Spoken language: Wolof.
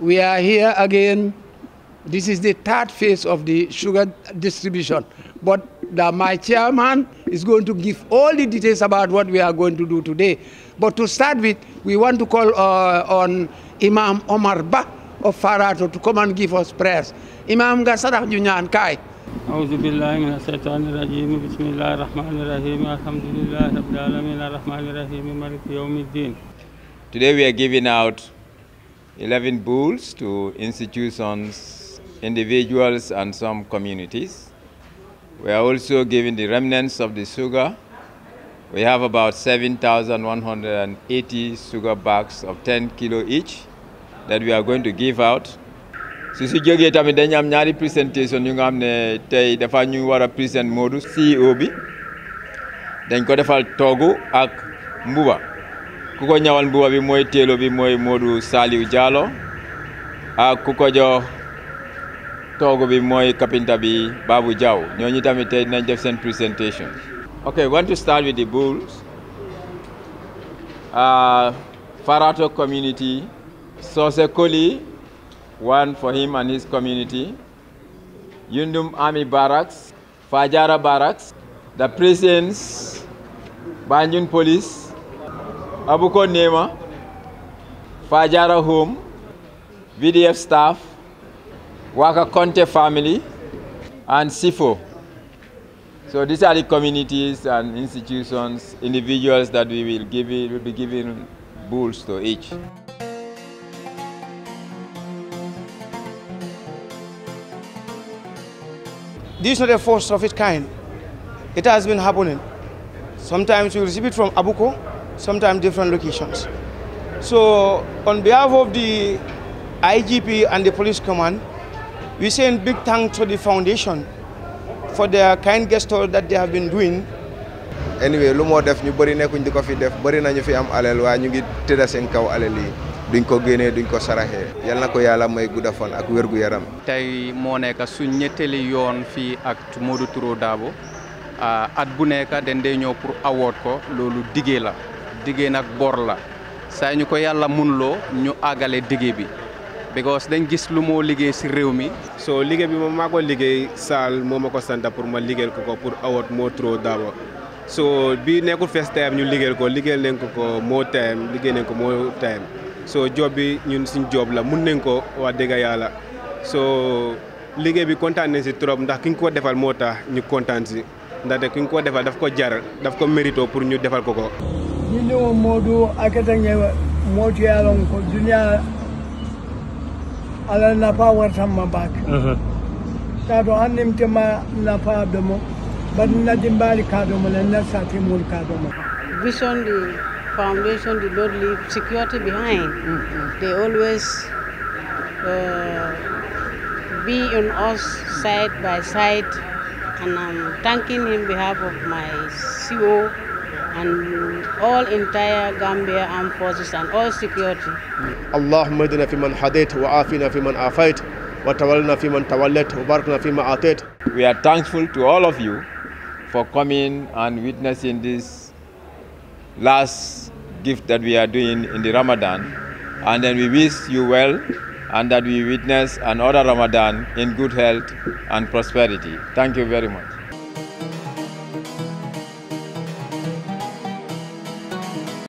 we are here again. This is the third phase of the sugar distribution. But the, my chairman is going to give all the details about what we are going to do today. But to start with, we want to call uh, on Imam Omar Ba of Farato to come and give us prayers. Imam Gasada Junyan Kai. أعوذ بالله من الشيطان الرجيم بسم الله الرحمن الرحيم الحمد لله رب العالمين الرحمن الرحيم مالك يوم الدين Today we are giving out 11 bulls to institutions, individuals, and some communities. We are also giving the remnants of the sugar. We have about 7,180 sugar bags of 10 kilo each that we are going to give out. su si jógee tamit dañu am présentation yu nga xam ne tey dafa ñu war a présent Modou CEO bi dañ ko defal toogu ak mbuba ku ko mbuba bi mooy téelo bi mooy Modou Saliou Diallo ak ku ko jox bi mooy kapinta bi Babou Diaw ñooñu tamit tey dinañ def seen presentation. Okay, I want to start with the bulls. Uh, Farato community, Sose Koli, one for him and his community. Yundum Army Barracks, Fajara Barracks, the prisons, Banjun Police, Abuko Nema, Fajara Home, VDF staff, Waka Conte family, and SIFO. So these are the communities and institutions, individuals that we will give will be giving bulls to each. This is not the first of its kind. It has been happening. Sometimes we receive it from Abuko, sometimes different locations. So on behalf of the IGP and the police command, we send big thanks to the foundation for their kind gesture that they have been doing. Anyway, lu mau def ñu bari nekkuñ diko fi def bari nañu fi am alel wa ñu ngi tedda seen kaw alel yi duñ ko gëné duñ ko saraxé yalla nako yalla may gudda fan ak gu yaram. tay mo nekk suñ ñetteeli yoon fi ak Modou Touro Dabo ah, at bu nekk dañ dee ñëw pour award ko lolu diggé la. diggéey nag boor la saa ñu ko yàlla munuloo ñu àggale diggéey bi because dañ gis lu moo liggéey si réew mi soo liggéey bi moom maa ko liggéey Saal moo ma ko santa pour ma liggéeyal ko ko pour awat moo trop daaba so bi nekkul first time ñu liggéey ko liggéey nañ ko ko moo time liggéey nañ ko moo time soo job bi ñun suñ job la mun nañ ko wax dëgg yàlla soo liggéey bi kontaan nañ si trop ndax ki ko defal moo tax ñu kontaan si ndaxte ki ñu ko defal daf ko jar daf ko mérito pour ñu defal ko ko Jino modu akatanya eh, moti ko dunia ala mabak. Uh-huh. anim But mul Vision foundation did not leave security behind. Mm-hmm. They always uh, be on us side by side and I'm thanking him behalf of my CEO and all entire Gambia armed forces and all security. اللهم اهدنا فيمن هديت وعافنا فيمن عافيت وتولنا فيمن توليت fi ma أعطيت. We are thankful to all of you for coming and witnessing this last gift that we are doing in the Ramadan and then we wish you well and that we witness another Ramadan in good health and prosperity. Thank you very much.